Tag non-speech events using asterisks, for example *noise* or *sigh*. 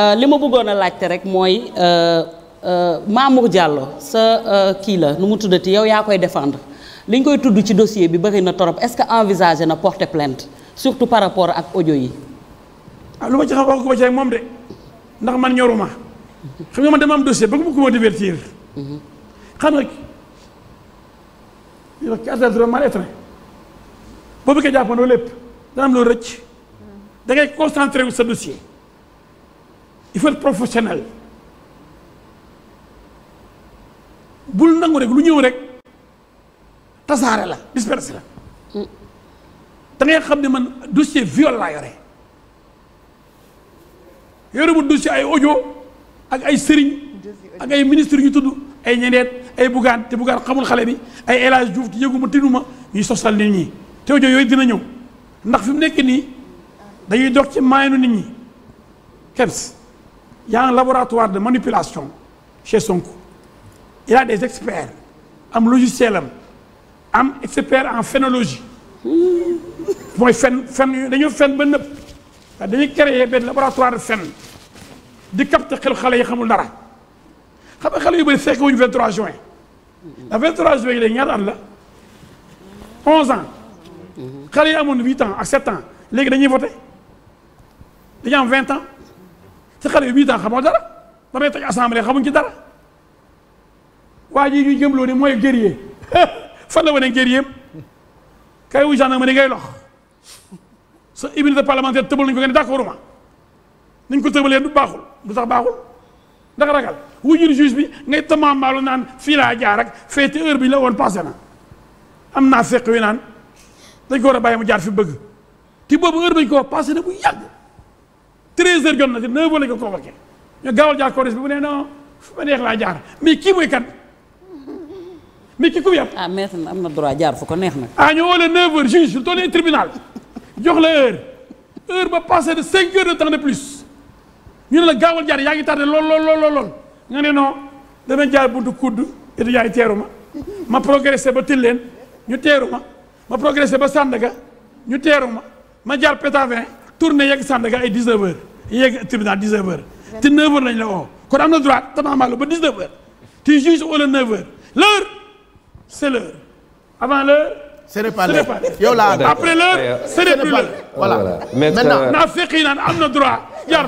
Euh, li ma bëggoon a laajte rek mooy euh, euh, Mamour Diallo sa kii la nu mu tuddati yow yaa koy défendre li ñu koy tudd ci dossier bi bëri na torop est-ce que envisagé na porter plainte surtout par rapport ak ojo yi. ah lu ma ci xam wax ko ba ci rek moom de ndax man ñoruma xam nga man dama am dossier bëgg ma ko ma divertir. xam nga yow ci affaire bi man étranger boobu ko jàppandoo lépp dana am loo rëcc da ngay sa dossier. il faut professionnel bul nangu rek lu ñëw rek tasaare la disperse la da ngay xam ne man dossier viol laa yore yore bu dossier ay ojo ak ay sëriñ ak ay ministre yu tudd ay ñeneen ay bugaan te bugaan xamul xale bi ay El Hadj Diouf te yëguma tinuma ñuy sosal nit ñi te audio yooyu dina ñëw ndax fi mu nekk nii dañuy dox ci maayanu nit ñi kems y a un laboratoire de manipulation chez Sonko il y a des experts am logiciel am am expert en phénologie mooy fen fen dañoo fen ba dañu dañuy créer benn laboratoire de fen di capter xel xale yi xamul dara xam nga xale yu bëri fekk wuñu 23 juin la 23 juin léegi ñaata at la 11 ans xale yi amoon 8 ans ak 7 ans léegi dañuy voté dañu am vingt ans. ci xale yu huit ans xamoo dara damay toj assemblée xamuñ ci dara waa ji ñuy gëmloo ni mooy guerrier *laughs* fan la wane guerrier kay wuy gendarme ni ngay lox sa immunité parlementaire tëbal nañ ko ngeen d'accord ma nañ ko tëbalee du baaxul du sax baaxul ndax ragal wujjul juge bi ngay tamaamaalu naan fii laa jaar ak feete heure bi la woon passé na am naa fekk wi naan dañ ko war mu jaar fi bëgg te boobu heure bañ ko wax passé na bu yàgg treize heures jot na si neuf heures la ko convoqué ñu gaawal jaar corniche bi mu ne non fu ma neex laa jaar mais kii mooy kan mais ki ku yàpp ah mais am na droit jaar fu ko neex na ah ñu woo la neuf heures juge lu tollee tribunal jox la heure heure ba passé de cinq heures de temps de plus ñu ne la gaawal jaar yaa ngi tardé lool lool lool lool nga ne non dama jaar buntu kudd te yaay teeru ma ma progressé ba Tilène ñu teeru ma ma progressé ba Sandaga ñu teeru ma ma jaar Pétavin tourné yegg Sandaga ay 19 heures. yegg tribunal 19 heures te 9 heures lañ la na droit tanaamat ba 19 heures tu juges wala 9 heures l'heure c'est l'heure avant l'heure ce n'est pas l'heure yow la après l'heure ce n'est plus l'heure voilà maintenant naa fekk yi naan